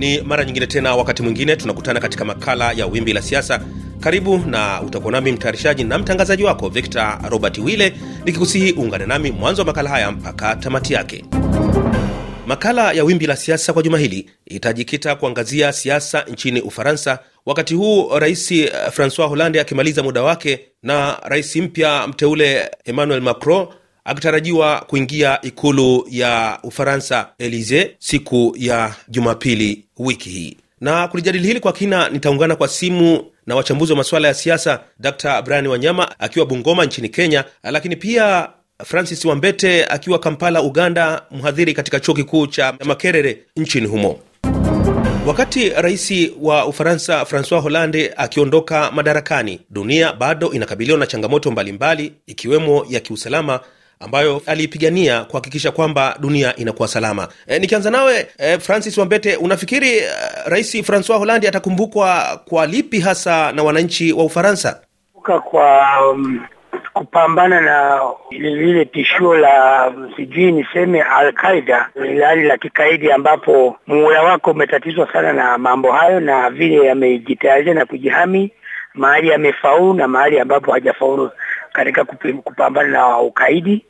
Ni mara nyingine tena, wakati mwingine tunakutana katika makala ya Wimbi la Siasa. Karibu na utakuwa nami mtayarishaji na mtangazaji wako Victor Robert Wille, nikikusihi uungane nami mwanzo wa makala haya mpaka tamati yake. Makala ya Wimbi la Siasa kwa juma hili itajikita kuangazia siasa nchini Ufaransa, wakati huu Rais eh, Francois holande akimaliza muda wake na rais mpya mteule Emmanuel Macron akitarajiwa kuingia ikulu ya Ufaransa Elisee siku ya Jumapili wiki hii. Na kulijadili hili kwa kina, nitaungana kwa simu na wachambuzi wa masuala ya siasa, Dr Brian Wanyama akiwa Bungoma nchini Kenya, lakini pia Francis Wambete akiwa Kampala, Uganda, mhadhiri katika chuo kikuu cha Makerere nchini humo. Wakati rais wa Ufaransa Francois Hollande akiondoka madarakani, dunia bado inakabiliwa na changamoto mbalimbali ikiwemo ya kiusalama ambayo aliipigania kuhakikisha kwamba dunia inakuwa salama. E, nikianza nawe e, Francis Wambete, unafikiri e, Rais Francois holandi atakumbukwa kwa lipi hasa na wananchi wa Ufaransa? Kwa um, kupambana na lile tishio la um, sijui niseme al qaida ilani la kikaidi, ambapo muula wako umetatizwa sana na mambo hayo na vile yamejitayarisha na kujihami mahali yamefaulu na mahali ambapo hajafaulu katika kupambana na ukaidi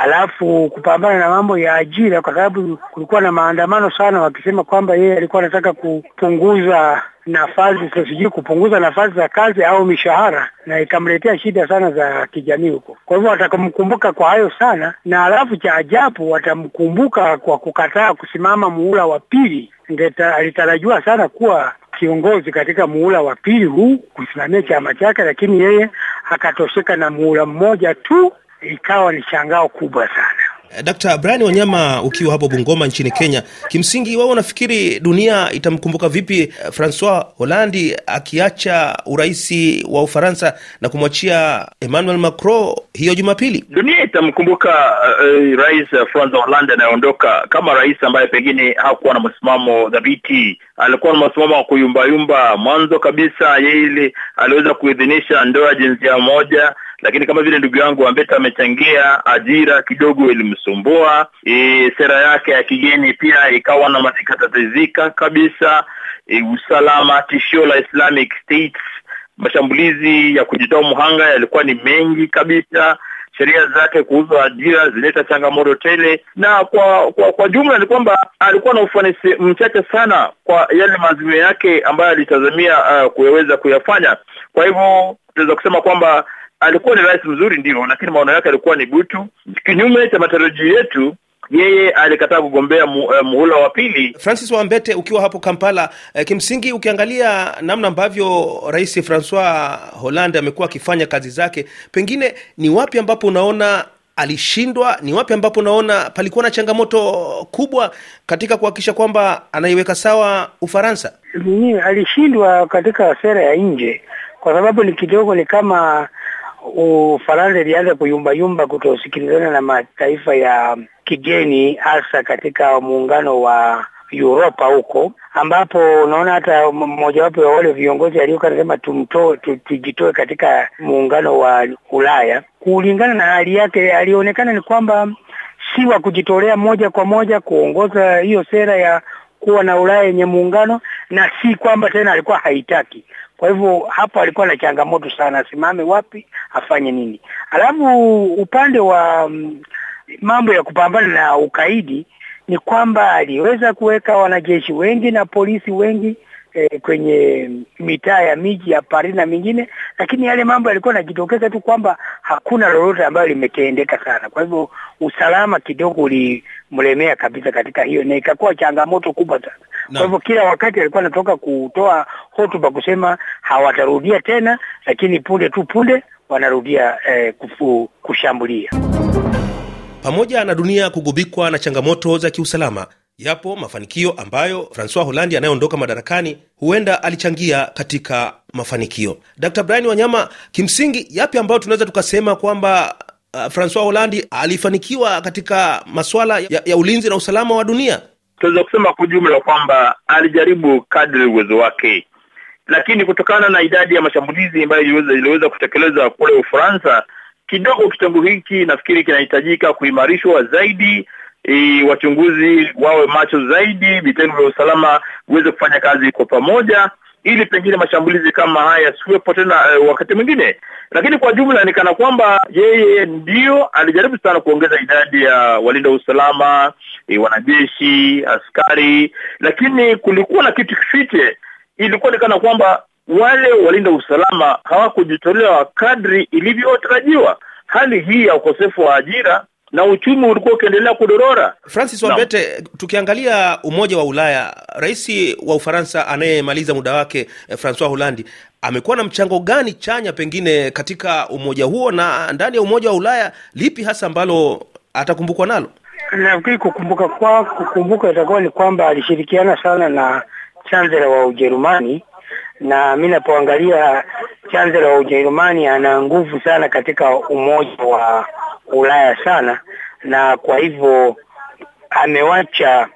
alafu kupambana na mambo ya ajira, kwa sababu kulikuwa na maandamano sana wakisema kwamba yeye alikuwa anataka kupunguza nafasi, sijui kupunguza nafasi za kazi au mishahara, na ikamletea shida sana za kijamii huko. Kwa hivyo watamkumbuka kwa hayo sana, na alafu cha ajabu watamkumbuka kwa kukataa kusimama muhula wa pili. Alitarajiwa sana kuwa kiongozi katika muhula wa pili huu kusimamia chama chake, lakini yeye akatosheka na muhula mmoja tu ikawa ni shangao kubwa sana. Eh, Dkt. Brian Wanyama, ukiwa hapo Bungoma nchini Kenya, kimsingi wao unafikiri dunia itamkumbuka vipi eh, Francois Hollande akiacha uraisi wa Ufaransa na kumwachia Emmanuel Macron hiyo Jumapili? Dunia itamkumbuka uh, rais Francois Hollande anayeondoka kama rais ambaye pengine hakuwa na msimamo dhabiti. Alikuwa na msimamo wa kuyumbayumba. Mwanzo kabisa, yeye aliweza kuidhinisha ndoa jinsia moja lakini kama vile ndugu yangu Ambeta amechangia ajira kidogo ilimsumbua, e, sera yake ya kigeni pia ikawa na matikatatizika kabisa, e, usalama, tishio la Islamic states mashambulizi ya kujitoa mhanga yalikuwa ni mengi kabisa sheria zake kuhusu ajira zileta changamoto tele, na kwa kwa, kwa jumla ni kwamba alikuwa na ufanisi mchache sana kwa yale maazimio yake ambayo alitazamia uh, kuyaweza kuyafanya. Kwa hivyo tunaweza kusema kwamba alikuwa ni rais mzuri ndio, lakini maono yake alikuwa ni butu, kinyume cha matarajio yetu. Yeye alikataa kugombea eh, muhula wa pili. Francis Wambete, ukiwa hapo Kampala, eh, kimsingi ukiangalia namna ambavyo Rais Francois Hollande amekuwa akifanya kazi zake, pengine ni wapi ambapo unaona alishindwa? Ni wapi ambapo unaona palikuwa na changamoto kubwa katika kuhakikisha kwamba anaiweka sawa Ufaransa? Alishindwa katika sera ya nje, kwa sababu ni kidogo, ni kama Ufaransa ilianza kuyumbayumba kutosikilizana na mataifa ya kigeni, hasa katika muungano wa Europa huko ambapo unaona hata mmojawapo ya wale viongozi aliyokuwa anasema tumtoe tujitoe katika muungano wa Ulaya. Kulingana na hali yake, alionekana ni kwamba si wa kujitolea moja kwa moja kuongoza hiyo sera ya kuwa na Ulaya yenye muungano, na si kwamba tena alikuwa haitaki, kwa hivyo hapo alikuwa na changamoto sana, asimame wapi, afanye nini. Alafu upande wa um, mambo ya kupambana na ukaidi ni kwamba aliweza kuweka wanajeshi wengi na polisi wengi eh, kwenye mm, mitaa ya miji ya Paris na mingine, lakini yale mambo yalikuwa yanajitokeza tu kwamba hakuna lolote ambayo limetendeka sana. Kwa hivyo usalama kidogo ulimlemea kabisa katika hiyo, na ikakuwa changamoto kubwa sana kwa hivyo kila wakati alikuwa anatoka kutoa hotuba kusema hawatarudia tena, lakini punde tu punde wanarudia eh, kufu, kushambulia. Pamoja na dunia kugubikwa na changamoto za kiusalama, yapo mafanikio ambayo Francois Holandi anayeondoka madarakani huenda alichangia katika mafanikio. Dr. Brian Wanyama, kimsingi yapi ambayo tunaweza tukasema kwamba uh, Francois Holandi alifanikiwa katika masuala ya, ya ulinzi na usalama wa dunia? tunaweza kusema kwa jumla kwamba alijaribu kadri uwezo wake, lakini kutokana na idadi ya mashambulizi ambayo iliweza kutekeleza kule Ufaransa, kidogo kitengo hiki nafikiri kinahitajika kuimarishwa zaidi. E, wachunguzi wawe macho zaidi, vitengo vya usalama viweze kufanya kazi kwa pamoja ili pengine mashambulizi kama haya yasiwepo tena uh, wakati mwingine. Lakini kwa jumla ni kana kwamba yeye ndio alijaribu sana kuongeza idadi ya walinda usalama e, wanajeshi, askari, lakini kulikuwa na kitu kifiche. Ilikuwa ni kana kwamba wale walinda usalama hawakujitolewa kadri ilivyotarajiwa. Hali hii ya ukosefu wa ajira na uchumi ulikuwa ukiendelea kudorora. Francis no. tukiangalia Umoja wa Ulaya, rais wa Ufaransa anayemaliza muda wake eh, Francois holandi amekuwa na mchango gani chanya pengine katika umoja huo na ndani ya Umoja wa Ulaya, lipi hasa ambalo atakumbukwa nalo? Nafikiri kukumbuka kwa kukumbuka itakuwa ni kwamba alishirikiana sana na chanzela wa Ujerumani, na mi napoangalia chanzela wa Ujerumani ana nguvu sana katika umoja wa Ulaya sana, na kwa hivyo amewacha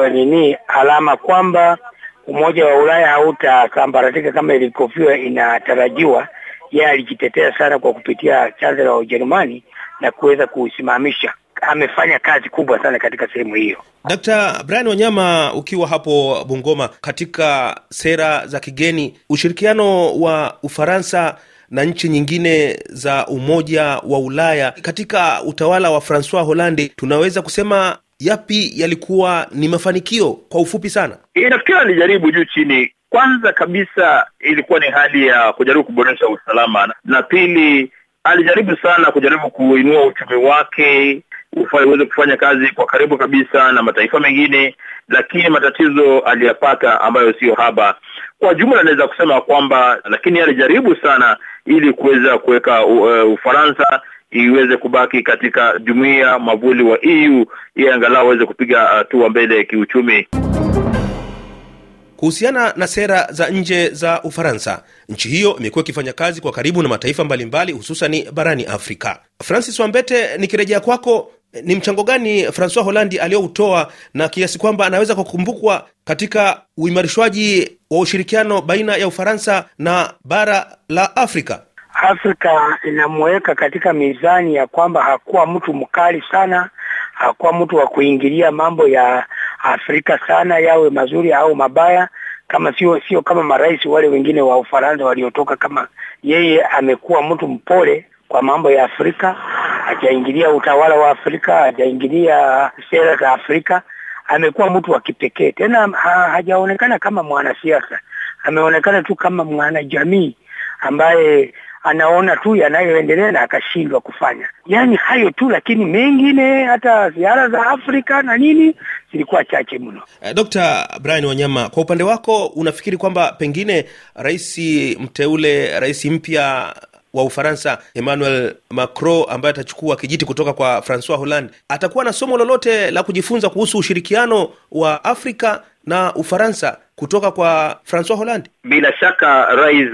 uh, nini alama kwamba umoja wa Ulaya hautasambaratika kama ilikofiwa inatarajiwa. Yeye alijitetea sana kwa kupitia chancellor wa Ujerumani na kuweza kusimamisha. Amefanya kazi kubwa sana katika sehemu hiyo. Dkt. Brian Wanyama, ukiwa hapo Bungoma, katika sera za kigeni, ushirikiano wa Ufaransa na nchi nyingine za Umoja wa Ulaya. Katika utawala wa Francois Hollande, tunaweza kusema yapi yalikuwa ni mafanikio? Kwa ufupi sana, inafikiri alijaribu juu chini kwanza kabisa ilikuwa ni hali ya kujaribu kuboresha usalama, na pili alijaribu sana kujaribu kuinua uchumi wake uweze kufanya kazi kwa karibu kabisa na mataifa mengine, lakini matatizo aliyapata ambayo siyo haba. Kwa jumla, anaweza kusema kwamba, lakini alijaribu sana ili kuweza kuweka uh, Ufaransa iweze kubaki katika jumuiya mavuli wa EU ili angalau aweze kupiga hatua uh, mbele kiuchumi. Kuhusiana na sera za nje za Ufaransa, nchi hiyo imekuwa ikifanya kazi kwa karibu na mataifa mbalimbali, hususani barani Afrika. Francis Wambete, nikirejea kwako, ni mchango gani Francois Holandi aliyoutoa na kiasi kwamba anaweza kukumbukwa katika uimarishwaji wa ushirikiano baina ya Ufaransa na bara la Afrika? Afrika inamweka katika mizani ya kwamba hakuwa mtu mkali sana, hakuwa mtu wa kuingilia mambo ya Afrika sana, yawe mazuri au mabaya, kama sio sio kama marais wale wengine wa Ufaransa waliotoka. Kama yeye amekuwa mtu mpole kwa mambo ya Afrika hajaingilia utawala wa Afrika, hajaingilia sera za Afrika. Amekuwa mtu wa kipekee tena, ha, hajaonekana kama mwanasiasa, ameonekana tu kama mwanajamii ambaye anaona tu yanayoendelea na akashindwa kufanya, yaani hayo tu, lakini mengine hata ziara za Afrika na nini zilikuwa chache mno. Eh, Dr. Brian Wanyama, kwa upande wako unafikiri kwamba pengine rais mteule, rais mpya wa Ufaransa Emmanuel Macron ambaye atachukua kijiti kutoka kwa Francois Hollande atakuwa na somo lolote la kujifunza kuhusu ushirikiano wa Afrika na Ufaransa kutoka kwa Francois Hollande? Bila shaka rais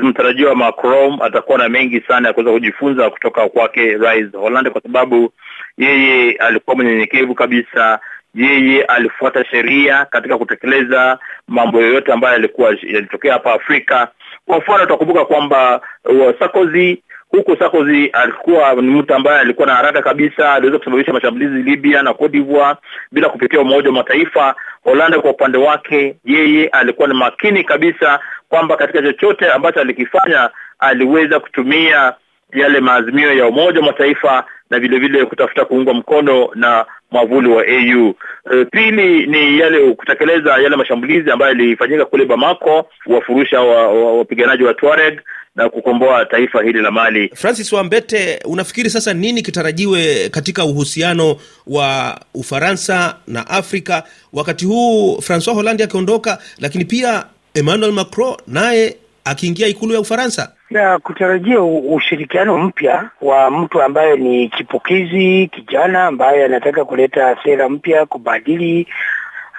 wa Macron atakuwa na mengi sana ya kuweza kujifunza kutoka kwake rais Hollande, kwa sababu yeye alikuwa mnyenyekevu kabisa. Yeye alifuata sheria katika kutekeleza mambo yoyote ambayo yalikuwa yalitokea hapa Afrika. Kwa mfano, tutakumbuka kwamba uh, sakozi huku Sarkozy alikuwa ni mtu ambaye alikuwa na haraka kabisa, aliweza kusababisha mashambulizi Libya na Cote d'Ivoire bila kupitia Umoja wa Mataifa. Holanda kwa upande wake, yeye alikuwa ni makini kabisa kwamba katika chochote ambacho alikifanya aliweza kutumia yale maazimio ya Umoja wa Mataifa na vile vile kutafuta kuungwa mkono na mwavuli wa AU. E, eh, pili ni yale kutekeleza yale mashambulizi ambayo yalifanyika kule Bamako, wafurusha wapiganaji wa, wa, wa Tuareg na kukomboa taifa hili la Mali. Francis Wambete, unafikiri sasa nini kitarajiwe katika uhusiano wa Ufaransa na Afrika wakati huu Francois Hollande akiondoka, lakini pia Emmanuel Macron naye akiingia ikulu ya Ufaransa na kutarajia ushirikiano mpya wa mtu ambaye ni chipukizi kijana ambaye anataka kuleta sera mpya, kubadili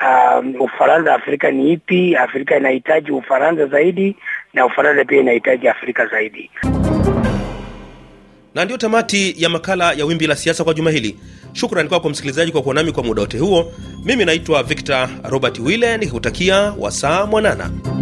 um, Ufaransa Afrika ni ipi? Afrika inahitaji Ufaransa zaidi na Ufaransa pia inahitaji Afrika zaidi. Na ndiyo tamati ya makala ya Wimbi la Siasa kwa juma hili. Shukrani kwako msikilizaji kwa kuwa nami kwa muda wote huo. Mimi naitwa Victor Robert Wille nikikutakia wasaa mwanana.